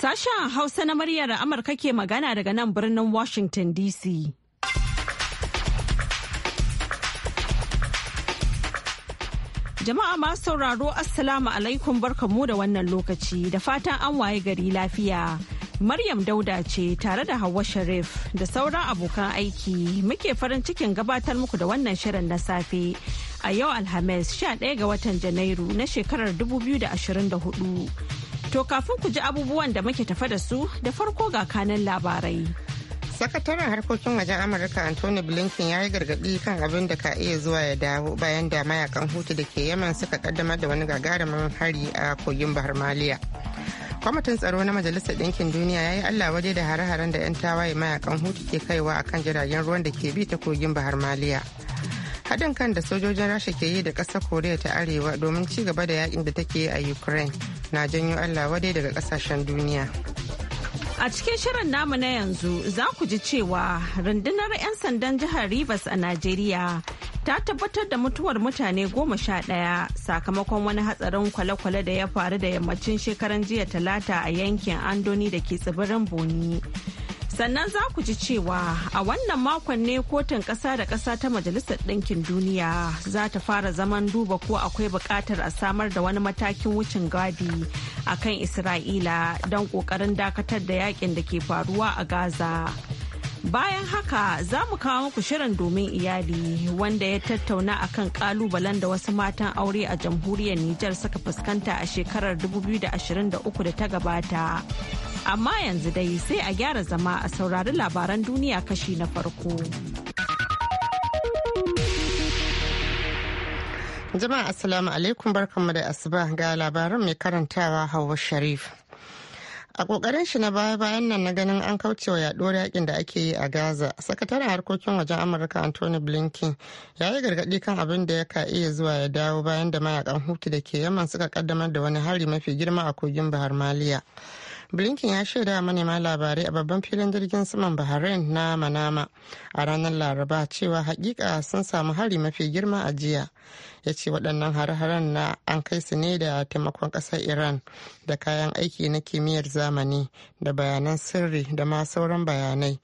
Sashen Hausa na muryar Amurka ke magana daga nan birnin Washington DC. Jama'a masu sauraro Assalamu alaikum barkamu da wannan lokaci da fatan an waye gari lafiya. Maryam Dauda ce tare da Hauwa Sharif da sauran abokan aiki muke farin cikin gabatar muku da wannan shirin na safe a yau Alhamis 11 ga watan Janairu na shekarar 2024. To kafin ku ji abubuwan da muke tafa da su da farko ga kanan labarai. Sakataren harkokin wajen Amurka Anthony Blinken ya yi gargaɗi kan abin da ka iya zuwa ya dawo bayan da mayakan hutu da ke Yemen suka kaddamar da wani gagarumin hari a kogin Bahar Maliya. Kwamitin tsaro na Majalisar Ɗinkin Duniya ya yi Allah waje da hare-haren da 'yan tawaye mayakan hutu ke kaiwa a kan jiragen ruwan da ke bi ta kogin Bahar Maliya. Haɗin kan da sojojin Rasha ke yi da ƙasar Koriya ta Arewa domin ci gaba da yakin da take yi a Ukraine na janyo allah wadai daga kasashen duniya A cikin shirin namu na yanzu za ku ji cewa rundunar 'yan sandan jihar Rivers a Najeriya ta tabbatar da mutuwar mutane goma sha ɗaya sakamakon wani hatsarin kwale-kwale da ya faru da yammacin shekaran jiya talata a yankin Andoni da ke tsibirin Boni. sannan za ku ji cewa a wannan makon ne kotun ƙasa da ƙasa ta majalisar ɗinkin duniya za ta fara zaman duba ko akwai buƙatar a samar da wani matakin wucin gadi a kan isra'ila don ƙoƙarin dakatar da yakin da ke faruwa a gaza. Bayan haka za mu kawo muku shirin domin iyali wanda ya tattauna a kan kalubalen da wasu matan aure a jamhuriyar Nijar suka fuskanta a shekarar 2023 da ta gabata. Amma yanzu dai sai a gyara zama a saurari labaran duniya kashi na farko. Jama'a asalamu alaikum barkanmu da asuba ga labaran mai karantawa Hauwa Sharif. a kokarin shi na baya-bayan nan na ganin an kaucewa yaduwar yakin da ake yi a gaza sakataren harkokin wajen amurka anthony blinken ya yi gargadi kan abin da ya ka iya zuwa ya dawo bayan da mayakan hutu da ke yaman suka kaddamar da wani hari mafi girma a kogin bahar maliya blinken ya shaida manema labarai a babban filin jirgin saman bahrain na manama a ranar laraba cewa hakika sun samu hari mafi girma a jiya ya ce waɗannan har-haren na an kai su ne da taimakon ƙasar iran da kayan aiki na kimiyyar zamani da bayanan sirri da ma sauran bayanai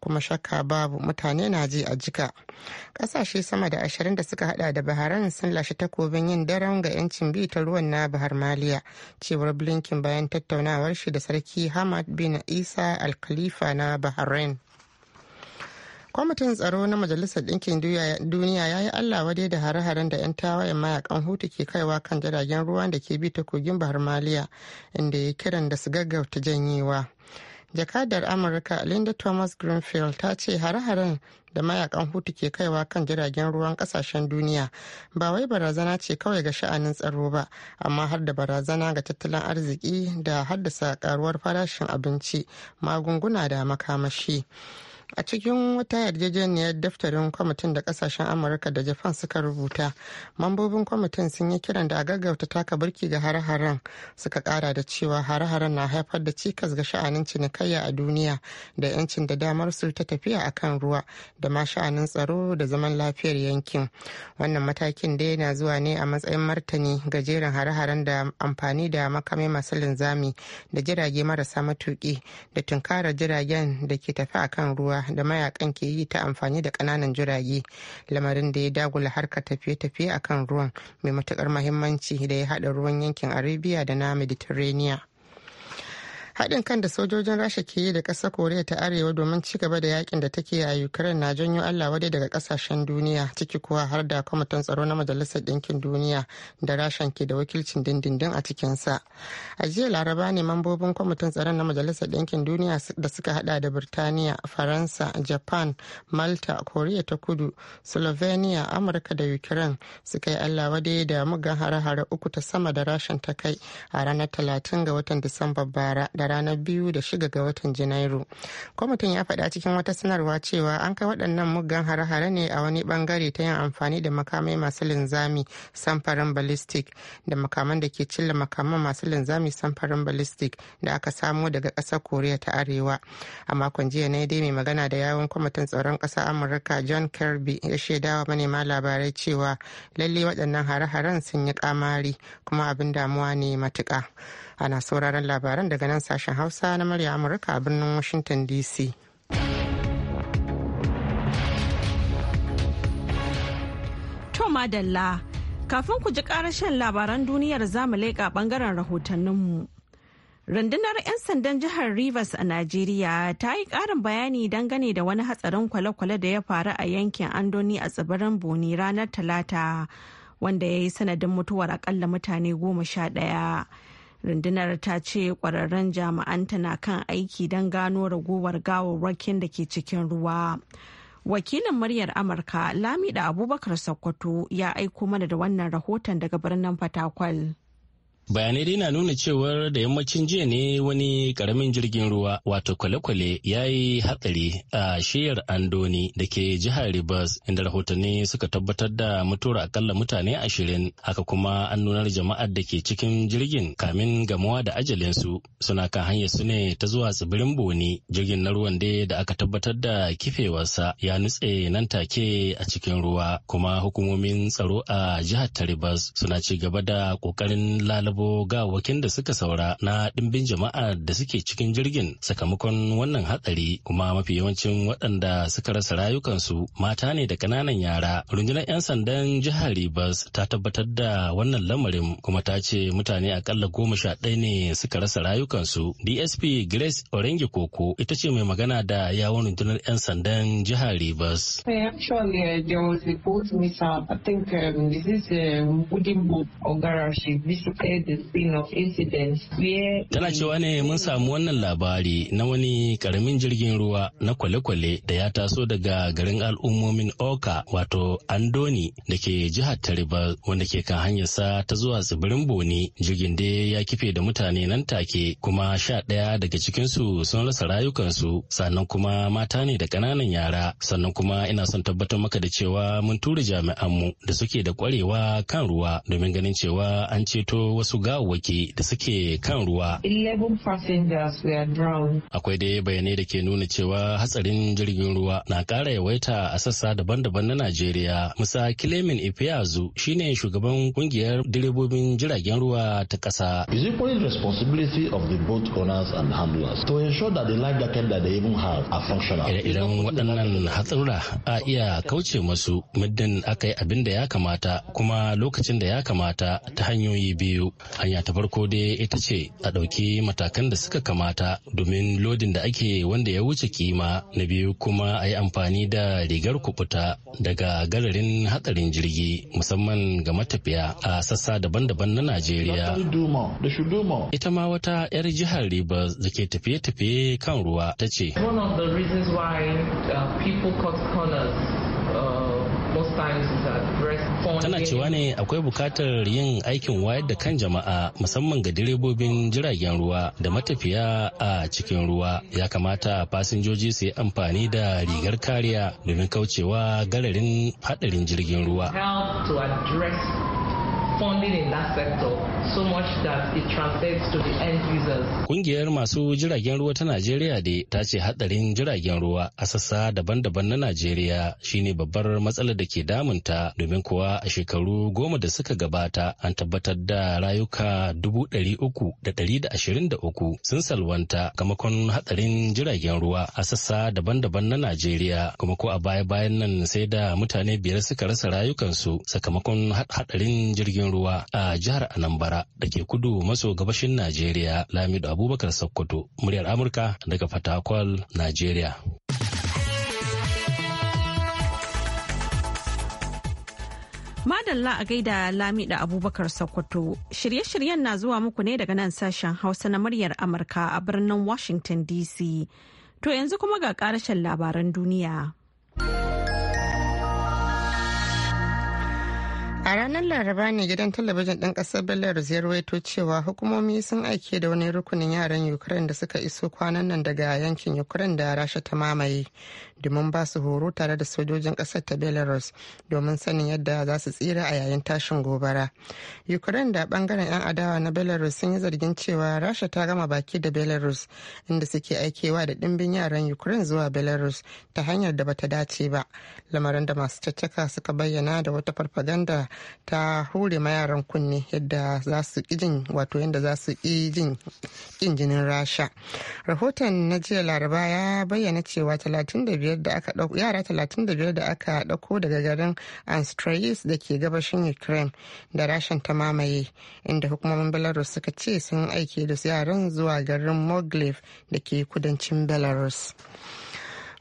kuma shakka babu mutane na ji a jika ƙasashe sama da ashirin da suka hada da baharan sun lashe takobin yin daren ga 'yancin bi ta ruwan na bahar maliya cewar blinken bayan tattaunawar shi da sarki hamad bin isa al-khalifa na bahrain kwamitin tsaro na majalisar ɗinkin duniya ya yi allah wadai da hare-haren da 'yan tawayen mayakan hutu ke kaiwa kan jiragen ruwan da ke bi ta kogin bahar maliya inda ya kiran da su gaggauta janyewa jakadar amurka linda thomas greenfield ta ce hare-haren da mayakan hutu ke kaiwa kan jiragen ruwan kasashen duniya ba wai barazana ce kawai ga sha'anin tsaro ba amma har da barazana ga tattalin arziki da haddasa karuwar farashin abinci magunguna da makamashi a cikin wata yarjejeniyar daftarin kwamitin da kasashen amurka da japan suka rubuta mambobin kwamitin sun yi kiran da a gaggauta taka birki ga hare-haren suka kara da cewa hare-haren na haifar da cikas ga sha'anin cinikayya a duniya da 'yancin da damar su ta tafiya a kan ruwa da ma sha'anin tsaro da zaman lafiyar yankin wannan matakin dai na zuwa ne a matsayin martani ga jerin hare-haren da amfani da makamai masu linzami da jirage marasa matuki da tunkarar jiragen da ke tafi akan ruwa da mayakan ke yi ta amfani da kananan jirage lamarin da ya dagula harkar tafiye-tafiye akan ruwan mai matukar mahimmanci da ya haɗa ruwan yankin arabia da na mediterranean haɗin kan da sojojin rasha ke yi da ƙasar koriya ta arewa domin ci gaba da yakin da take a ukraine na janyo allah wadai daga ƙasashen duniya ciki kuwa har da kwamitin tsaro na majalisar ɗinkin duniya da rashan ke da wakilcin dindindin a cikinsa a jiya laraba ne mambobin kwamitin tsaron na majalisar ɗinkin duniya da suka haɗa da birtaniya faransa japan malta koriya ta kudu slovenia amurka da ukraine suka yi allah wadai da mugan hare-hare uku ta sama da rashan ta kai a ranar talatin ga watan disamba bara da ranar biyu da shiga ga watan janairu kwamitin ya faɗa cikin wata sanarwa cewa an kai waɗannan muggan hare-hare ne a wani bangare ta yin amfani da makamai masu linzami samfarin ballistic da makaman da ke cilla makaman masu linzami samfarin ballistic da aka samo daga ƙasar koriya ta arewa a makon jiya na dai mai magana da yawon kwamitin tsaron ƙasar amurka john kirby ya shaidawa manema labarai cewa lalle waɗannan hare-haren sun yi kamari kuma abin damuwa ne matuƙa ana sauraron labaran daga nan sashen hausa na murya amurka a birnin washington dc to madalla kafin ku ji karashen labaran duniyar zamu leƙa bangaren rahotanninmu rundunar 'yan sandan jihar rivers a najeriya ta yi ƙarin bayani dangane da wani hatsarin kwale-kwale da ya faru a yankin andoni a tsibirin boni ranar talata wanda ya yi sanadin mutuwar akalla mutane goma sha ɗaya. rundunar ta ce kwararren jami'anta na kan aiki don gano ragowar gawarwakin da ke cikin ruwa wakilin muryar amurka lamida abubakar sokoto ya aiko mana da wannan rahoton daga birnin fatakwal bayanai dai na nuna cewar da yammacin jiya ne wani karamin jirgin ruwa wato kwale-kwale ya yi hatsari a shiyar andoni da ke jihar rivers inda rahotanni suka tabbatar da mutuwar akalla mutane ashirin haka kuma an nunar jama'ar da ke cikin jirgin kamin gamuwa da ajalinsu suna kan hanyar su ne ta zuwa tsibirin boni jirgin na ruwan dai da aka tabbatar da kifewarsa ya nutse nan take a cikin ruwa kuma hukumomin tsaro a jihar ta rivers suna ci gaba da kokarin lalata ga wakin da suka saura na ɗimbin jama'a da suke cikin jirgin sakamakon wannan hatsari kuma mafi yawancin waɗanda suka rasa rayukansu mata ne da ƙananan yara. Rundunar 'yan sandan jihar Rivers ta tabbatar da wannan lamarin kuma ta ce mutane akalla goma sha ɗaya ne suka rasa rayukansu. DSP Grace Orengi Koko ita ce mai magana da yawon rundunar 'yan sandan jihar Rivers. Um, this is a wooden um, boat or garage. This Tana cewa ne mun samu wannan labari na wani karamin jirgin ruwa na kwale-kwale da ya taso daga garin al'ummomin Oka wato Andoni da ke jihar Taribas wanda ke kan hanyarsa ta zuwa tsibirin Boni jirgin dai ya kife da mutane nan take kuma sha ɗaya daga cikinsu sun rasa rayukansu sannan kuma mata ne da ƙananan yara sannan kuma ina son tabbatar maka da cewa mun tura jami'anmu da suke da ƙwarewa kan ruwa domin ganin cewa an ceto wasu wasu gawawwaki da suke kan ruwa. Akwai dai bayanai da ke nuna cewa hatsarin jirgin ruwa na ƙara yawaita a sassa daban-daban na Najeriya. Musa Kilemin Ifiyazu shine shugaban kungiyar direbobin jiragen ruwa ta ƙasa. Is equally responsibility of the boat owners and handlers to ensure that the life jacket that they even have are functional. Ire-iren waɗannan hatsarura a iya kauce masu muddin aka yi abin da ya kamata kuma lokacin da ya kamata ta hanyoyi biyu hanya ta farko dai ita ce a ɗauki matakan da suka kamata domin lodin da ake wanda ya wuce kima na biyu kuma a yi amfani da rigar kuɓuta daga gararin hatsarin jirgi musamman ga matafiya a sassa daban-daban na najeriya ita ma wata 'yar jihar riba da ke tafiye-tafiye kan ruwa ta ce uh, uh, most times is that breast tana cewa ne akwai bukatar yin aikin wayar da kan jama'a musamman ga direbobin jiragen ruwa da matafiya a cikin ruwa ya kamata fasinjoji su yi amfani da rigar kariya domin kaucewa gararin hadarin jirgin ruwa. funding in that sector so much that it translates to the end users. Kungiyar masu jiragen ruwa ta Najeriya da ta ce hadarin jiragen ruwa a sassa daban-daban na Najeriya shine babbar matsalar da ke damunta domin kuwa a shekaru goma da suka gabata an tabbatar da rayuka dubu ɗari uku da ɗari da ashirin da uku sun salwanta kamakon hadarin jiragen ruwa a sassa daban-daban na Najeriya kuma ko a baya-bayan nan sai da mutane biyar suka rasa rayukansu sakamakon hadarin jirgin ruwa a jihar Anambra da ke kudu maso gabashin Najeriya Lamido Abubakar Sokoto muryar Amurka daga Fatakwal, Najeriya. Madalla a gaida Lamida Abubakar Sokoto. Shirye-shiryen na zuwa muku ne daga nan sashen Hausa na muryar Amurka a birnin Washington DC. To yanzu kuma ga karashen labaran duniya. A ranar Laraba ne gidan talabijin ɗin ƙasar Belarus ya rawaito cewa hukumomi sun aike da wani rukunin yaran Ukraine da suka iso kwanan nan daga yankin Ukraine da Rasha ta mamaye domin ba su horo tare da sojojin ƙasar ta Belarus domin sanin yadda za su tsira a yayin tashin gobara. Ukraine da bangaren 'yan adawa na Belarus sun yi zargin cewa Rasha ta gama baki da Belarus inda suke aikewa da ɗimbin yaran Ukraine zuwa Belarus ta hanyar da bata dace ba. Lamarin da masu caccaka suka bayyana da wata farfaganda ta hure ma yaran kunne yadda za su jin wato yadda za su kin jinin rasha rahoton na jiya laraba ya bayyana cewa yara talatin da aka dauko daga garin anstrais da ke gabashin ukraine da rashin ta mamaye inda hukumomin belarus suka ce sun aike da yaran zuwa garin moglev da ke kudancin belarus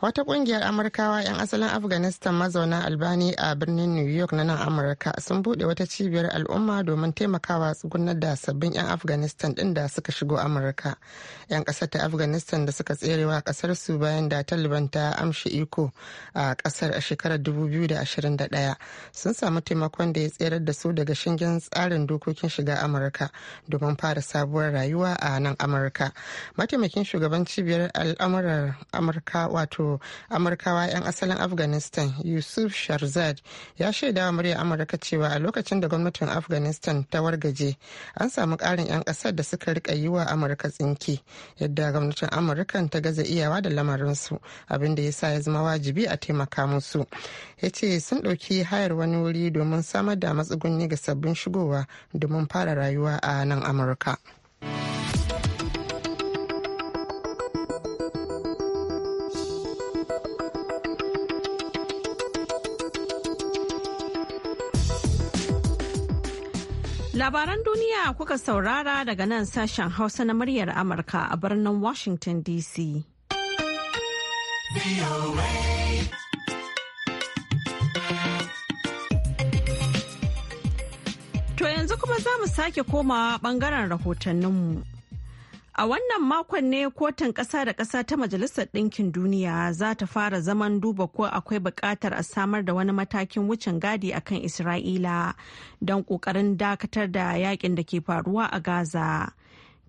wata kungiyar amurkawa 'yan asalin afghanistan mazauna albani a birnin new york na nan amurka sun bude wata cibiyar al'umma domin taimakawa tsugunar da sabbin 'yan afghanistan din da suka shigo amurka 'yan kasar ta afghanistan da suka tserewa kasar su bayan da taliban ta amshi iko a kasar a shekarar 2021 sun samu taimakon da ya tserar da su daga shingen tsarin dokokin shiga amurka domin fara sabuwar rayuwa a nan amurka mataimakin shugaban cibiyar al'amuran amurka wato amurkawa 'yan asalin afghanistan yusuf sharzad ya shaida wa murya amurka cewa a lokacin da gwamnatin afghanistan ta wargaje an samu karin 'yan kasar da suka rika yi wa amurka tsinki yadda gwamnatin amurkan ta gaza iyawa da lamarinsu abin da ya sa ya zama wajibi a taimaka musu ya ce sun ɗauki hayar wani wuri domin samar da matsugunni ga sabbin shigowa domin fara rayuwa a nan amurka. Labaran duniya kuka saurara daga nan sashen Hausa na muryar Amurka a birnin Washington DC. To yanzu kuma za mu sake komawa bangaren rahotanninmu. A wannan makon ne kotun ƙasa da ƙasa ta Majalisar Ɗinkin Duniya za ta fara zaman duba ko akwai buƙatar a samar da wani matakin wucin gadi a kan Isra'ila don ƙoƙarin dakatar da yakin da ke faruwa a Gaza.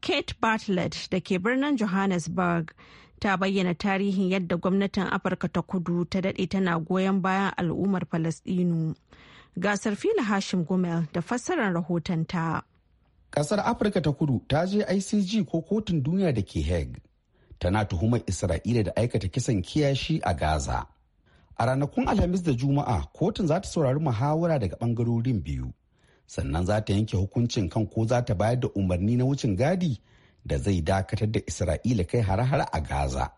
Kate Bartlett da ke birnin Johannesburg ta bayyana tarihin yadda gwamnatin Afirka ta kudu ta daɗe tana goyon bayan al'ummar Falasɗinu. Gasar Fila Hashim Gumel da fassarar rahoton ta. Kasar Afirka ta kudu ta je ICG ko kotun duniya da ke Hague. Tana tuhumar Isra'ila da aikata kisan kiyashi a Gaza. A ranakun Alhamis da Juma'a kotun za ta saurari muhawara daga bangarorin biyu. Sannan za ta yanke hukuncin kan ko za ta bayar da umarni na wucin gadi da zai dakatar da Isra'ila kai har hare a Gaza.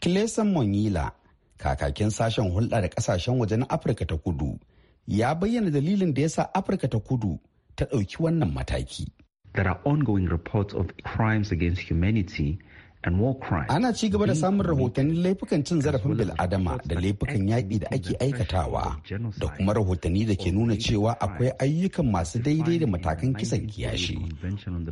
Kilesan monila kakakin sashen hulɗa da ƙasashen waje na Afirka ta kudu, ya bayyana dalilin da ya sa Afirka ta kudu ta ɗauki wannan mataki. There are ongoing reports of crimes against humanity and Ana ci gaba da samun rahotannin laifukan cin zarafin bil'adama da laifukan yaƙi da ake aikatawa da kuma rahotanni da ke nuna cewa akwai ayyukan masu daidai da matakan kisan kiyashi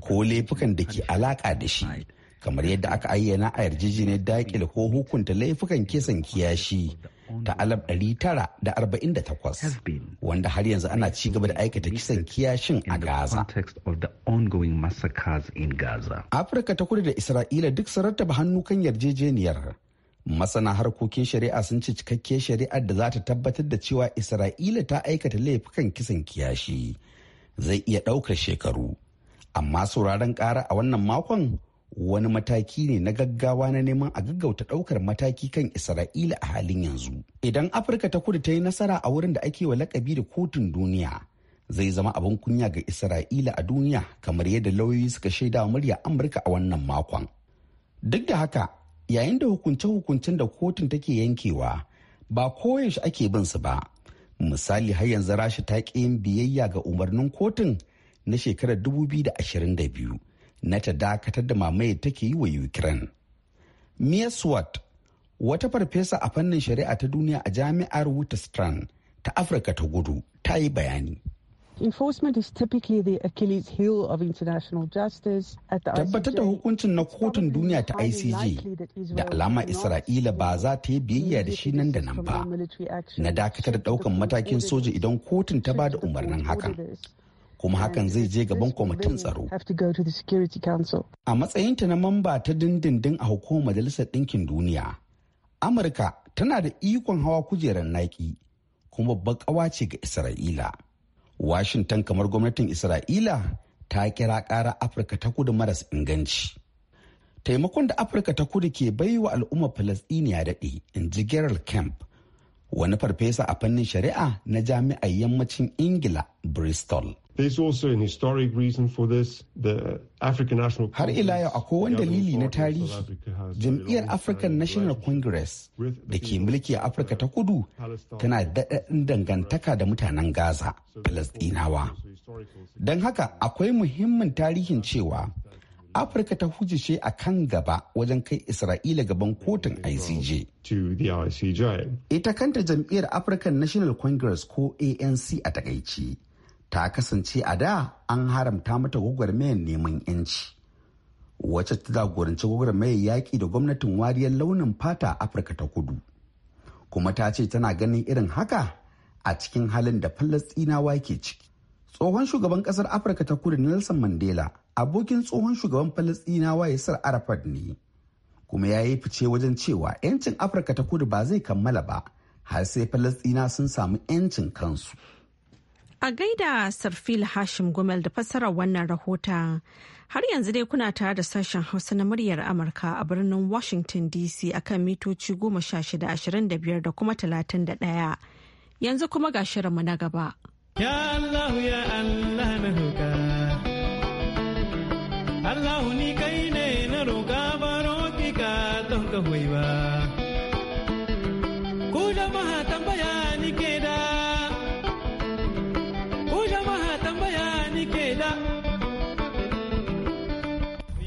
ko laifukan da ke alaƙa da shi kamar yadda aka ayyana a yarjejeniyar dakile ko hukunta laifukan kisan kiyashi ta alaf 948 wanda har yanzu ana ci gaba da aikata kisan kiyashin a Gaza. Afirka ta kudu da Isra'ila duk sararta ba hannu kan yarjejeniyar. Masana harkokin shari'a sun ci cikakkiyar shari'ar da za ta tabbatar da cewa Isra'ila ta aikata laifukan kisan kiyashi. Zai iya ɗaukar shekaru. Amma sauraron ƙara a wannan makon wani mataki ne na gaggawa na neman a gaggauta ɗaukar mataki kan isra'ila a halin yanzu idan afirka ta kudu ta yi nasara a wurin da ake wa lakabi da kotun duniya zai zama abin kunya ga isra'ila a duniya kamar yadda lauyoyi suka shaida wa murya amurka a wannan makon duk da haka yayin da hukunce-hukuncen da kotun take yankewa ba koyaushe ake bin su ba misali har yanzu rasha ta ƙi yin biyayya ga umarnin kotun na shekarar da biyu. na ta dakatar da mamaye take yi wa ukraine mia swart wata farfesa a fannin shari'a ta duniya a jami'ar Wutestrand ta afirka ta gudu ta yi bayani Enforcement is typically the Achilles heel of international justice at Tabbatar da hukuncin na kotun duniya ta ICJ da alama Isra'ila ba za ta yi biyayya da shi nan da nan ba na dakatar da daukan matakin soja idan kotun ta ba da umarnin hakan. kuma hakan zai je gaban kwamitin tsaro. A matsayinta na mamba ta dindindin a hukumar Majalisar Ɗinkin Duniya, Amurka tana da ikon hawa kujerar naki, kuma babbar ƙawa ce ga Isra'ila. Washington kamar gwamnatin Isra'ila ta kira ƙara Afirka ta kudu maras inganci. Taimakon da Afirka ta kudu ke baiwa al'ummar Falasɗiniya daɗe, in ji Gerald Kemp, wani farfesa a fannin shari'a na jami'ar yammacin Ingila, Bristol. Har ila yau akwai wani dalili na tarihi. Jam'iyyar African National Congress da ke mulki a Afirka ta kudu tana daɗaɗin dangantaka da mutanen Gaza, Palestinawa. Don haka akwai muhimmin tarihin cewa Afirka ta hujice a kan gaba wajen kai Isra'ila gaban kotun ICJ. Ita kanta jam'iyyar African National Congress ko ANC a takaici. ta kasance a da an haramta mata gwagwarmayar neman 'yanci wacce ta jagoranci gwagwarmayar yaƙi da gwamnatin wariyar launin fata afirka ta kudu kuma ta ce tana ganin irin haka a cikin halin da falastinawa ke ciki tsohon shugaban ƙasar afirka ta kudu nelson mandela abokin tsohon shugaban ya yasir arafat ne kuma ya yi fice wajen cewa 'yancin afirka ta kudu ba zai kammala ba har sai falastina sun samu 'yancin kansu A gaida Sarfil Hashim Gumel da fassarar wannan rahota. Har yanzu dai kuna tare da sashen Hausa na muryar Amurka a birnin Washington DC akan mitoci goma sha shida da kuma talatin Yanzu kuma ga shirinmu na gaba. Allah na roƙa. Allah ni kai ne na roƙa baro ki ka ba.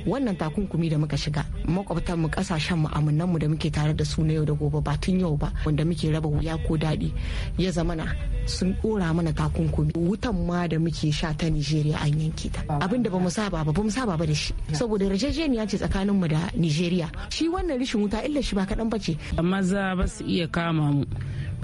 wannan takunkumi da muka shiga makwabtan mu kasashen mu da muke tare da su na yau da gobe ba tun yau ba wanda muke raba wuya ko daɗi ya zamana sun ɗora mana takunkumi wutan ma da muke sha ta Nigeria an yanke ta abinda bamu saba ba bamu saba ba da shi saboda yarjejeniya ce tsakanin mu da Nigeria shi wannan rishin wuta illa shi ba kaɗan bace maza ba su iya kama mu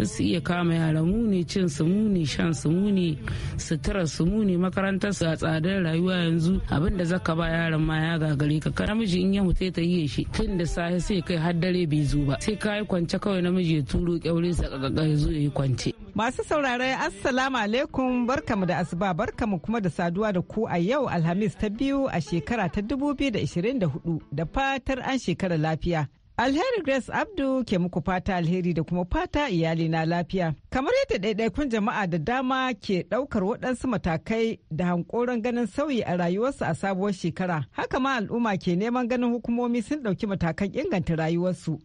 su iya kama yara muni cin su muni shan su muni sutura su muni makarantar su a tsadar rayuwa yanzu abin da zaka ba yaran ma ya gagare ka kana miji in ya mutu ta yi shi tun da safe sai kai har dare bai zo ba sai kai kwance kawai namiji ya turo kyaure sa kaka ya zo ya kwance Masu saurare Assalamu alaikum barkamu da asuba barkamu kuma da saduwa da ku a yau Alhamis ta biyu a shekara ta 2024 da fatar an shekara lafiya. Alheri Grace Abdu ke muku fata alheri da kuma fata iyali na lafiya. Kamar yadda ɗaiɗaikun jama'a da dama ke ɗaukar waɗansu matakai da hankoron ganin sauyi a rayuwarsu a sabuwar shekara. Haka ma al'umma ke neman ganin hukumomi sun ɗauki matakan inganta rayuwarsu.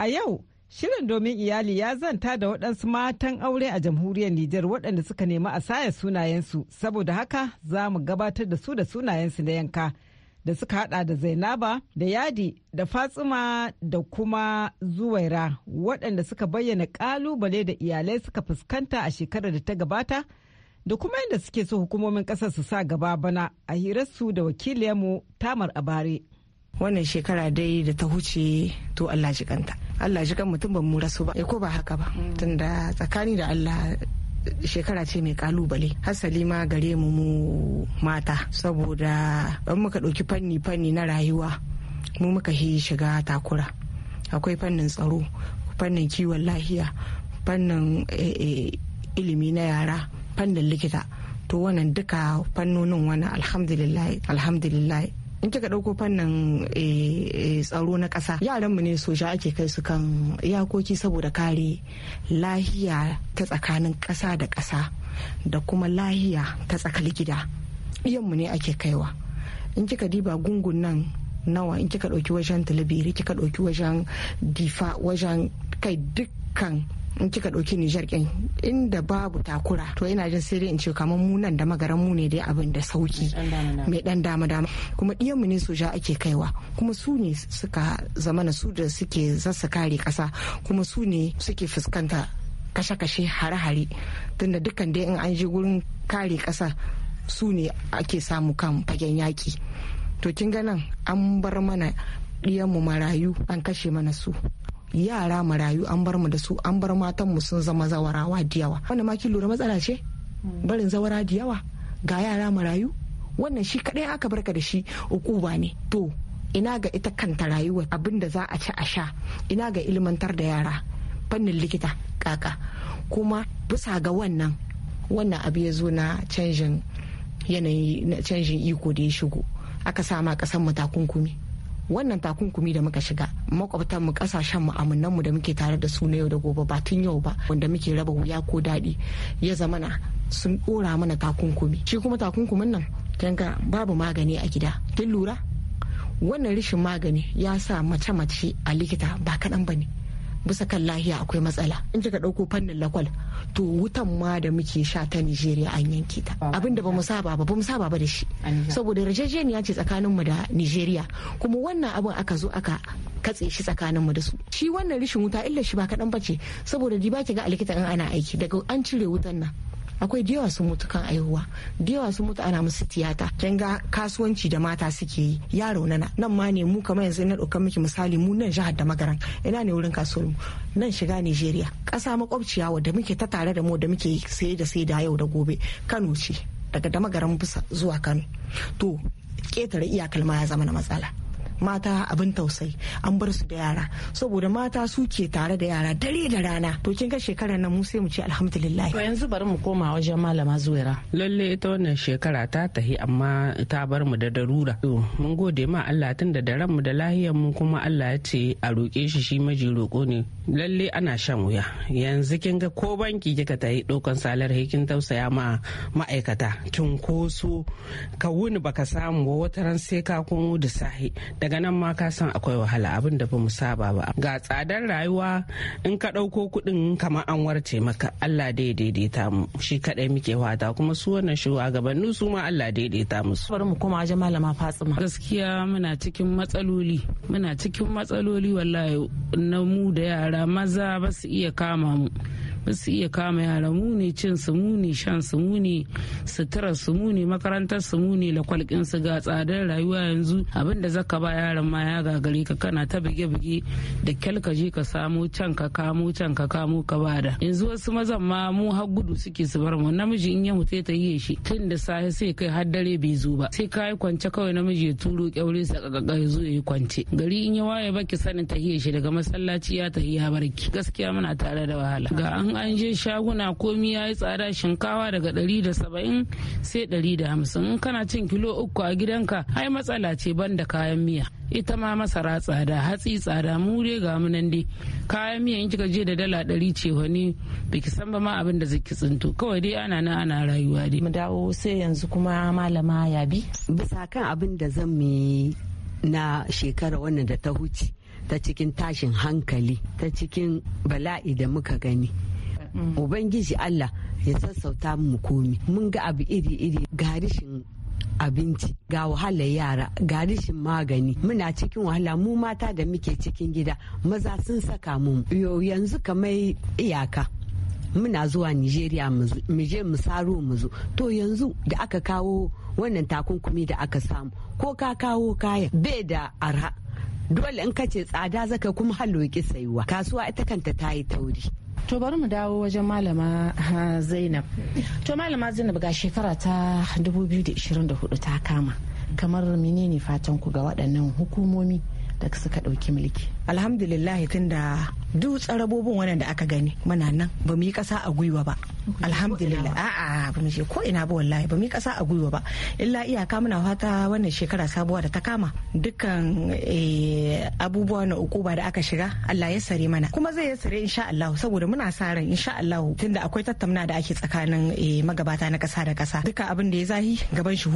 A yau, shirin domin iyali ya zanta da waɗansu matan aure a jamhuriyar Nijar waɗanda suka nemi a saya sunayensu. Saboda haka za mu gabatar da su da sunayensu na yanka. da suka hada da zainaba da yadi da fatsima da kuma zuwaira waɗanda suka bayyana kalubale da iyalai suka fuskanta a shekarar da ta gabata da kuma yadda suke so hukumomin ƙasar su sa gaba bana a hirarsu da wakiliyarmu tamar abare wannan shekara dai da ta huce to Allah jikanta Allah jikan mutum ban mu rasu ba eh, ko ba haka ba mm. tunda tsakani da Allah shekara ce mai kalubale hasali ma gare mu mu mata saboda ban muka ɗauki fanni fanni na rayuwa mu muka hi shiga takura akwai fannin tsaro fannin kiwon lahiya fannin eh, eh, ilimi na yara fannin likita to wannan duka fannonin wani alhamdulillah alhamdulillah in kika ɗauko fannin eh, eh, tsaro na ƙasa yaranmu ne soja ake kai su kan iyakoki saboda kare lahiya ta tsakanin ƙasa da ƙasa da kuma lahiya ta tsakar gida ɗiyanmu ne ake kaiwa in kika diba gungun nan nawa in kika ɗauki wajen talibiri kika ɗauki wajen difa wajen kai dukkan in kika ɗauki Nijar ɗin inda babu takura to ina jin sai dai in ce kamar mu nan da magaran mu ne dai abin da sauki mai dan dama dama kuma ɗiyan mu ne soja ake kaiwa kuma su ne suka zamana su da suke zasa kare ƙasa kuma su ne suke fuskanta kashe-kashe hare-hare tunda dukkan dai in an je gurin kare kasa su ne ake samu kan fagen yaƙi to kin ga nan an bar mana ɗiyanmu marayu an kashe mana su yara marayu an bar mu da su an bar matan mu sun zama zawarawa da yawa wannan ma kin lura matsala ce barin zawara da yawa ga yara marayu wannan shi kadai aka barka da shi ukuba ne to ina ga ita kanta rayuwa abin da za a ci a sha ina ga ilmantar da yara fannin likita kaka kuma bisa ga wannan wannan abu ya zo na canjin yanayi na canjin iko da ya shigo aka sama kasan mu takunkumi wannan takunkumi da muka shiga makwabtan mu kasashen mu amunan mu da muke tare da su na yau da gobe ba tun yau ba wanda muke raba wuya ko daɗi ya zamana sun dora mana takunkumi shi kuma takunkumin nan kanka babu magani a gida kin lura wannan rashin magani ya sa mace-mace a likita ba kaɗan bane bisa kan lahiya akwai matsala in kika ɗauko fannin lakwal to wutan ma da muke sha ta nigeria an yanke ta abinda ba mu saba ba ba mu saba ba da shi saboda yarjejeniya ce tsakanin mu da nigeria kuma wannan abin aka zo aka katse shi tsakanin mu da su shi wannan rishin wuta illa shi ba kaɗan bace saboda di ba ki ga a likita in ana aiki daga an cire wutan nan akwai da yawa sun mutu kan aihuwa da yawa mutu ana musu tiyata kin ga kasuwanci da mata suke yi yaro nana nan ma ne mu kamar yanzu na ɗaukar miki misali mu nan jihar da magaran ina ne wurin kasuwar mu nan shiga Nigeria ƙasa makwabciya wadda muke ta tare da mu da muke saye da saida da yau da gobe Kano ce daga da magaran bisa zuwa Kano to ketare iyakar ma ya zama na matsala mata abin tausayi an bar su da yara saboda mata su ke tare da yara dare da rana to kin ga shekarar nan mu sai mu ce alhamdulillah to yanzu bari mu koma wajen malama zuwaira lalle ita wannan shekara ta tahi amma ta bar mu da darura to mun gode ma Allah tun da daren mu da lahiyar mu kuma Allah ya ce a roke shi shi maji roko ne lalle ana shan wuya yanzu kin ga ko banki kika tayi ɗaukan salar hikin tausaya ma ma'aikata cunkoso ka wuni baka samu wata sai ka komo da sahi daga nan ma ka san akwai wahala abin da ba mu saba ba ga tsadar rayuwa in ka ɗauko kuɗin kamar an warce maka allah dai daidaita mu shi kaɗai muke wata kuma su wannan shugabannin su ma allah daidaita musu bari mu kuma aje malama fatsima gaskiya muna cikin matsaloli muna cikin matsaloli wallahi na mu da yara maza ba su iya kama mu ba su iya kama yara muni cin su muni shan su muni sutura su muni makarantar su muni da lakwalkin su ga tsadar rayuwa yanzu abin da zaka ba yaran ma ya gagare ka kana ta bige-bige da kyal ka ka samo can ka kamo can ka kamo ka bada yanzu wasu mazan ma mu har gudu suke su bar mu namiji in ya mutu ta yi shi tun da safe sai kai har dare bai zo ba sai ka kwance kawai namiji ya turo kyaure sa kakaka ya zo ya kwance gari in ya waye baki sanin ta shi daga masallaci ya ta ya barki gaskiya muna tare da wahala ga an an je shaguna komi ya yi tsada shinkawa daga ɗari da saba'in sai ɗari da hamsin in kana cin kilo uku a gidanka ai matsala ce ban da kayan miya ita ma masara tsada hatsi tsada mu ga munan dai kayan miya in kika je da dala ɗari ce wani biki san ba ma abin da zaki tsinto kawai dai ana nan ana rayuwa dai mu dawo sai yanzu kuma malama ya bi. bisa kan abin da zan mi na shekara wannan da ta huce ta cikin tashin hankali ta cikin bala'i da muka gani Mm. ubangiji allah ya sassauta mu komi mun ga abu iri-iri Garishin abinci ga wahalar yara ga rishin magani muna cikin wahala mu mata da muke cikin gida maza sun saka mu yanzu kamar iyaka muna zuwa nigeria mu je mu saro mu zo to yanzu da aka kawo wannan takunkumi da aka samu ko ka kawo kaya bai da arha dole in ka ce tsada zaka kuma halloki sayuwa kasuwa ita kanta ta yi tauri to bari mu dawo wajen malama zainab to malama zainab ga shekara ta 2024 ta kama kamar menene fatan ku ga waɗannan hukumomi da suka ɗauki mulki alhamdulillah tunda duk rabobin wannan da aka gani muna nan ba mu yi kasa a gwiwa ba alhamdulillah a'a ba mu ko ina ba wallahi ba mu yi kasa a gwiwa ba illa iyaka muna fata wannan shekara sabuwa da ta kama dukkan eh, abubuwa na ukuba da aka shiga Allah ya sare mana kuma zai ya sare insha Allah saboda muna sa ran insha Allah tunda akwai tattauna da ake tsakanin eh, magabata na kasa da kasa duka abin da ya zahi gaban shi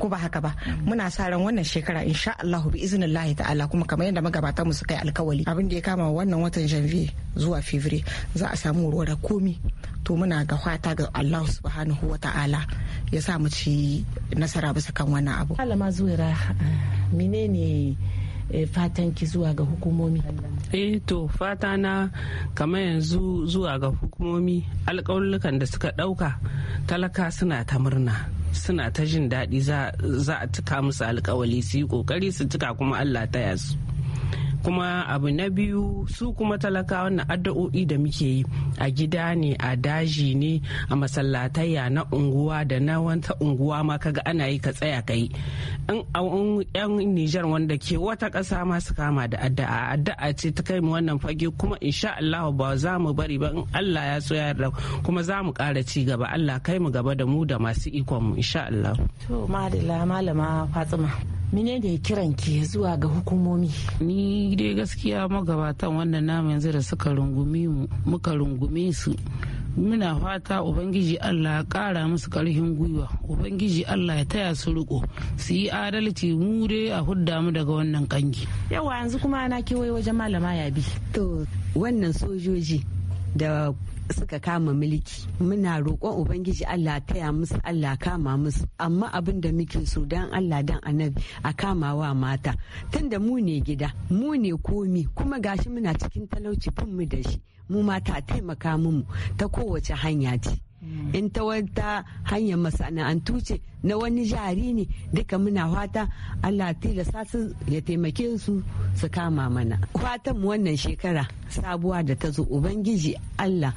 ko ba haka ba mm. muna sa ran wannan shekara insha Allah bi iznillahi ta'ala kuma kamar yadda magabatan mu suka aka alkawali abin da ya kama wannan watan janvier zuwa fevri za a samu ruwa da komi to muna ga fata ga allah subhanahu wa ta'ala ya sa mu ci nasara bisa kan wannan abu malama zuwa menene eh, fatan ki zuwa ga hukumomi? eh to fata na kamar yanzu zuwa ga hukumomi alƙawullukan da suka ɗauka talaka suna ta murna suna ta jin daɗi za a cika musu alƙawali su yi ƙoƙari su cika kuma allah ta yasu. kuma abu na biyu su kuma talaka na addu'o'i da muke yi a gida ne a daji ne a masallatayya na unguwa da na wata unguwa ma kaga ana yi ka tsaya ka yi yan nijar wanda ke wata ƙasa ma su kama da addu'a addu'a ce ta kai mu wannan fage kuma insha Allah ba za mu bari ba in Allah ya so ya yarda kuma za mu ƙara ci gaba Allah kai mu gaba da mu da masu ikon mu insha Allah to malama Fatima mine ya kiran ki zuwa ga hukumomi ni dai gaskiya magabatan wannan namu yanzu da suka rungumi mu muka rungume su muna fata ubangiji allah ya kara musu karfin gwiwa ubangiji allah ya taya su riko su yi adalci mu dai a hudda mu daga wannan kangi yawa yanzu kuma na kewaye wajen malama bi. to wannan sojoji da suka kama mulki muna roƙon ubangiji allah taya musu allah kama musu amma abin da muke so don allah don annabi a kama wa mata tunda mu ne gida mu ne komi kuma gashi muna cikin talauci bin mu da shi mu mata taimaka mu ta kowace hanya ce Mm. in ta wata hanyar masana'antu ce na wani jari ne duka muna fata Allah tilasta su ya taimake su su kama mana fatan wannan shekara sabuwa da ta zo ubangiji Allah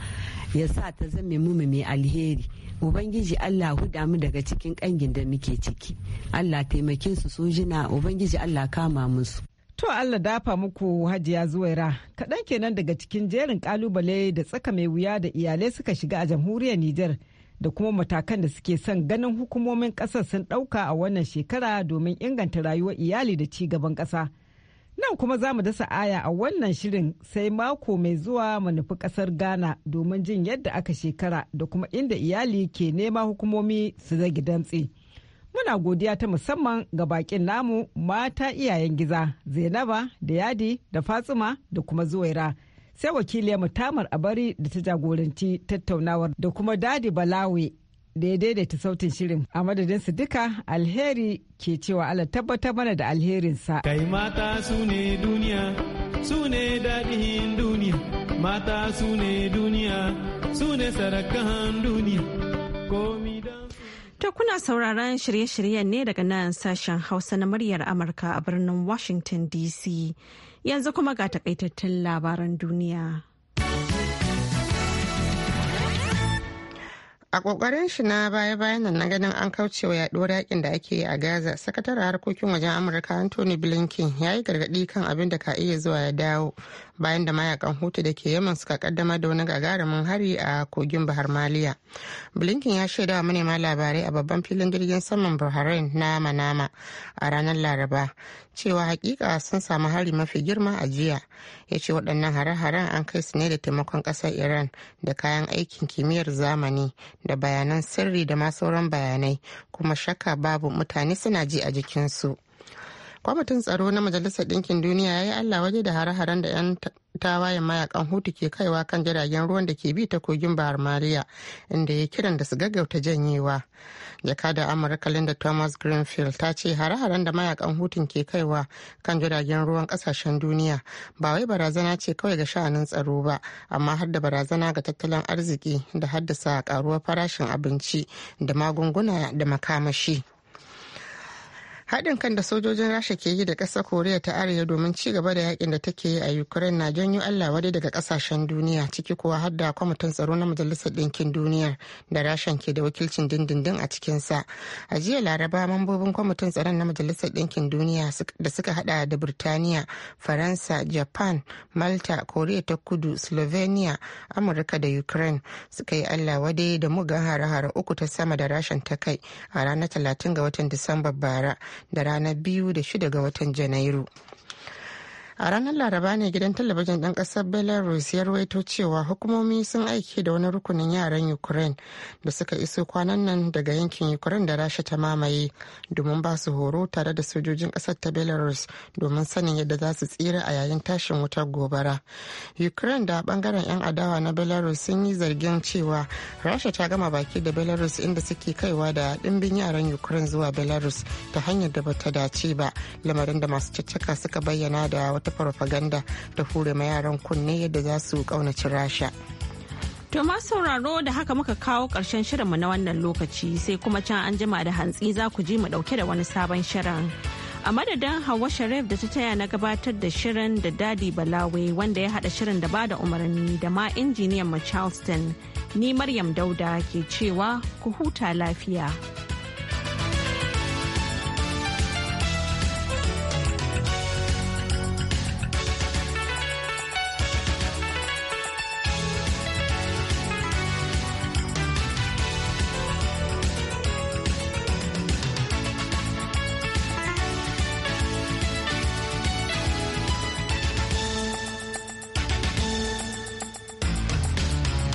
ya sa ta zame mu mai alheri ubangiji allah huda mu daga cikin kangin da muke ciki allah taimake su sojina ubangiji allah kama musu To Allah dafa muku hajiya zuwaira kaɗan kenan daga cikin jerin kalubale da tsaka mai wuya da iyalai suka shiga a jamhuriyar Nijar da kuma matakan da suke son ganin hukumomin ƙasar sun ɗauka a wannan shekara domin inganta rayuwar iyali da ci gaban ƙasa. Nan kuma za mu dasa aya a wannan shirin sai mako mai zuwa mu nufi ƙasar Ghana domin jin yadda aka shekara da kuma inda iyali ke nema hukumomi su zagi dantse. Muna godiya ta musamman ga bakin namu mata iyayen giza Zainaba da Yadi da Fatsima da kuma Zuwaira. Sai wakili wakiliyar mutamar bari da ta jagoranci tattaunawar da kuma Dadi Balawi da ya daidaita sautin shirin a madadin duka alheri ke cewa ala tabbatar mana da alherinsa. Kai mata su ne duniya, su ne daɗin duniya, mata su ne duniya, su ne sarakan duniya, To kuna sauraron shirye-shiryen ne daga nan sashen Hausa na muryar Amurka a birnin Washington DC. Yanzu kuma ga takaitattun labaran duniya. a kokarin shi na baya-bayan nan na ganin an kaucewa yaduwar yakin da ake yi a gaza sakataren harkokin wajen amurka anthony blinken ya yi gargadi kan abin da ka iya zuwa ya dawo bayan da mayakan hutu da ke yaman suka kaddama da wani gagarumin hari a kogin bahar maliya blinken ya shaida wa manema labarai a babban filin jirgin saman bahrain na manama a ranar laraba cewa hakika sun samu hari mafi girma a jiya ya ce waɗannan hare-haren an kai su ne da taimakon ƙasar iran da kayan aikin kimiyyar zamani da bayanan sirri da ma sauran bayanai kuma shakka babu mutane suna ji a jikinsu kwamitin tsaro na majalisar ɗinkin duniya ya yi allah waje da hare-haren da 'yan tawayen mayakan hutu ke kaiwa kan jiragen ruwan da ke bi ta kogin bahar maliya inda ya kiran da su gaggauta janyewa jakadar amurka linda thomas greenfield ta ce hare-haren da mayakan hutun ke kaiwa kan jiragen ruwan kasashen duniya ba wai barazana ce kawai ga sha'anin tsaro ba amma har da barazana ga tattalin arziki da haddasa karuwar farashin abinci da magunguna da makamashi haɗin kan da sojojin rasha ke yi da ƙasar koriya ta arewa domin ci gaba da yakin da take yi a ukraine na janyo allah wadai daga ƙasashen duniya ciki kuwa har da kwamitin tsaro na majalisar ɗinkin duniya da rashan ke da wakilcin dindindin a cikinsa a jiya laraba mambobin kwamitin tsaron na majalisar ɗinkin duniya da suka hada da birtaniya faransa japan malta koriya ta kudu slovenia amurka da ukraine suka yi allah wadai da mugan hare-hare uku ta sama da rashan ta kai a ranar talatin ga watan disamba bara da ranar biyu da shida ga watan janairu a ranar laraba ne gidan talabijin ɗan ƙasar belarus ya ruwaito cewa hukumomi sun aiki da wani rukunin yaran ukraine da suka iso kwanan nan daga yankin ukraine da rasha ta mamaye domin ba su horo tare da sojojin ƙasar ta belarus domin sanin yadda za su tsira a yayin tashin wutar gobara ukraine da bangaren 'yan adawa na belarus sun yi zargin cewa rasha ta gama baki da belarus inda suke kaiwa da ɗimbin yaran ukraine zuwa belarus ta hanyar da bata dace ba lamarin da masu caccaka suka bayyana da wata ta farfaganda ta hure ma yaran kunne yadda za su kaunaci rasha To ma sauraro da haka muka kawo ƙarshen shirinmu na wannan lokaci sai kuma can an jima da hantsi za ku ji mu ɗauke da wani sabon shirin. A madadin Hauwa Sharif da ta taya na gabatar da shirin da Dadi Balawe wanda ya haɗa shirin da bada umarni da ma injiniyan mu Charleston, ni Maryam Dauda ke cewa ku huta lafiya.